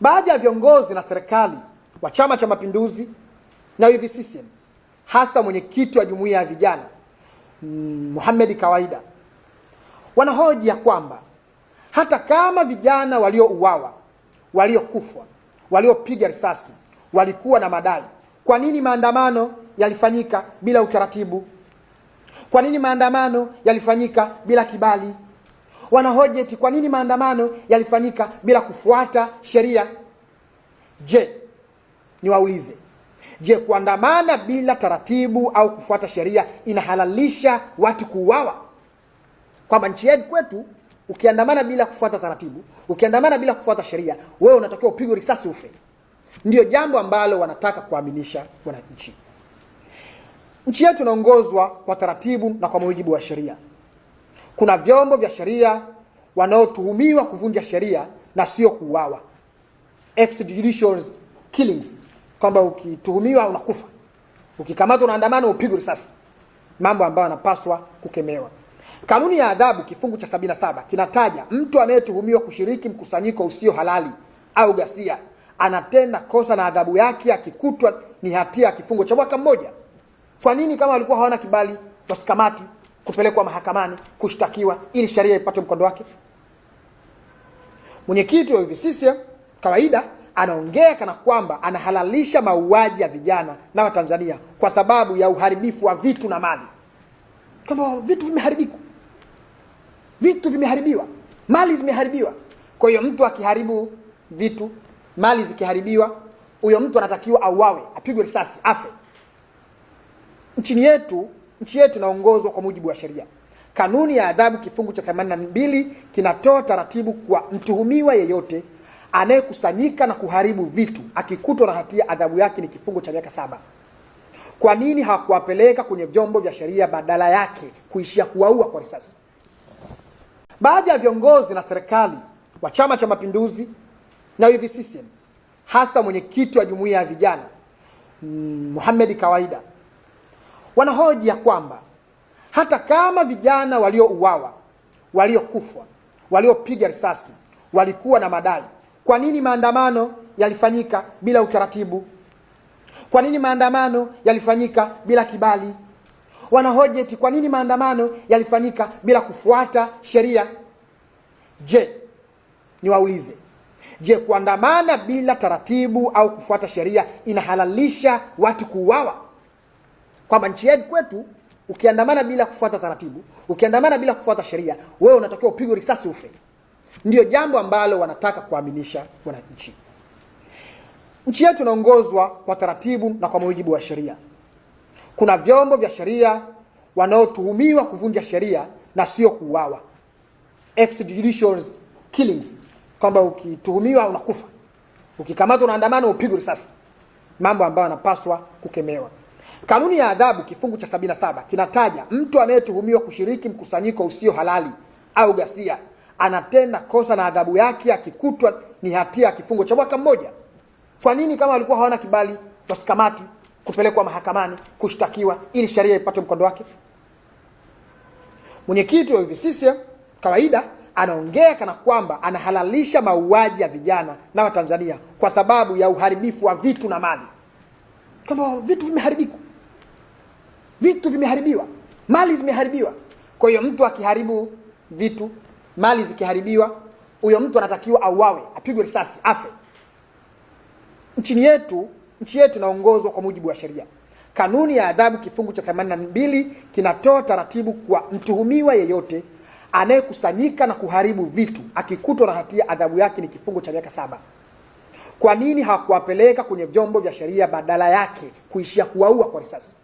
Baadhi ya viongozi na serikali wa Chama cha Mapinduzi na UVCCM hasa mwenyekiti wa jumuiya ya vijana mm, Mohamed Kawaida wanahoji ya kwamba hata kama vijana waliouawa, waliokufwa, waliopiga risasi walikuwa na madai, kwa nini maandamano yalifanyika bila utaratibu? Kwa nini maandamano yalifanyika bila kibali? wanahoji eti kwa nini maandamano yalifanyika bila kufuata sheria. Je, niwaulize, je, kuandamana bila taratibu au kufuata sheria inahalalisha watu kuuawa? Kwamba nchi yetu kwetu, ukiandamana bila kufuata taratibu, ukiandamana bila kufuata sheria, wewe unatakiwa upigwe risasi ufe. ndio jambo ambalo wanataka kuaminisha wananchi. Nchi yetu inaongozwa kwa taratibu na kwa mujibu wa sheria kuna vyombo vya sheria wanaotuhumiwa kuvunja sheria na sio kuuawa, extrajudicial killings, kwamba ukituhumiwa unakufa, ukikamatwa unaandamana, upigwe risasi, mambo ambayo yanapaswa kukemewa. Kanuni ya adhabu kifungu cha 77 kinataja mtu anayetuhumiwa kushiriki mkusanyiko usio halali au ghasia anatenda kosa na adhabu yake akikutwa ni hatia ya kifungo cha mwaka mmoja. Kwa nini kama walikuwa hawana kibali wasikamatwe? kupelekwa mahakamani kushtakiwa ili sheria ipate mkondo wake. Mwenyekiti wa UVCCM kawaida anaongea kana kwamba anahalalisha mauaji ya vijana na Watanzania kwa sababu ya uharibifu wa vitu na mali, kwamba vitu vimeharibika, vitu vimeharibiwa, mali zimeharibiwa. Kwa hiyo mtu akiharibu vitu, mali zikiharibiwa, huyo mtu anatakiwa auawe, apigwe risasi, afe. Nchini yetu Nchi yetu inaongozwa kwa mujibu wa sheria. Kanuni ya adhabu kifungu cha 82 kinatoa taratibu kwa mtuhumiwa yeyote anayekusanyika na kuharibu vitu akikutwa na hatia, adhabu yake ni kifungo cha miaka saba. Kwa nini hakuwapeleka kwenye vyombo vya sheria, badala yake kuishia kuwaua kwa risasi? Baadhi ya viongozi na serikali wa Chama cha Mapinduzi na hivi hasa mwenyekiti wa jumuiya ya vijana Muhammad mm, Kawaida Wanahoji ya kwamba hata kama vijana waliouawa, waliokufwa, waliopiga risasi walikuwa na madai, kwa nini maandamano yalifanyika bila utaratibu? Kwa nini maandamano yalifanyika bila kibali? Wanahoji eti kwa nini maandamano yalifanyika bila kufuata sheria? Je, niwaulize, je, kuandamana bila taratibu au kufuata sheria inahalalisha watu kuuawa? kwamba nchi yetu kwetu ukiandamana bila kufuata taratibu, ukiandamana bila kufuata sheria, wewe unatakiwa upigwe risasi ufe. Ndio jambo ambalo wanataka kuaminisha wananchi. Nchi yetu inaongozwa kwa taratibu na kwa mujibu wa sheria. Kuna vyombo vya sheria wanaotuhumiwa kuvunja sheria na sio kuuawa, extrajudicial killings, kwamba ukituhumiwa unakufa, ukikamatwa unaandamana upigwe risasi, mambo ambayo yanapaswa kukemewa. Kanuni ya adhabu kifungu cha 77 kinataja mtu anayetuhumiwa kushiriki mkusanyiko usio halali au ghasia anatenda kosa na adhabu yake akikutwa ni hatia ya kifungo cha mwaka mmoja. Kwa nini kama walikuwa hawana kibali wasikamatwe kupelekwa mahakamani kushtakiwa ili sheria ipate mkondo wake? Mwenyekiti wa UVCCM kawaida anaongea kana kwamba anahalalisha mauaji ya vijana na Watanzania kwa sababu ya uharibifu wa vitu na mali kwamba vitu vimeharibika, vitu vimeharibiwa, mali zimeharibiwa. Kwa hiyo mtu akiharibu vitu, mali zikiharibiwa, huyo mtu anatakiwa auawe, apigwe risasi, afe. Nchini yetu, nchi yetu inaongozwa kwa mujibu wa sheria. Kanuni ya adhabu kifungu cha 82 kinatoa taratibu kwa mtuhumiwa yeyote anayekusanyika na kuharibu vitu, akikutwa na hatia, adhabu yake ni kifungo cha miaka saba. Kwa nini hakuwapeleka kwenye vyombo vya sheria badala yake kuishia kuwaua kwa risasi?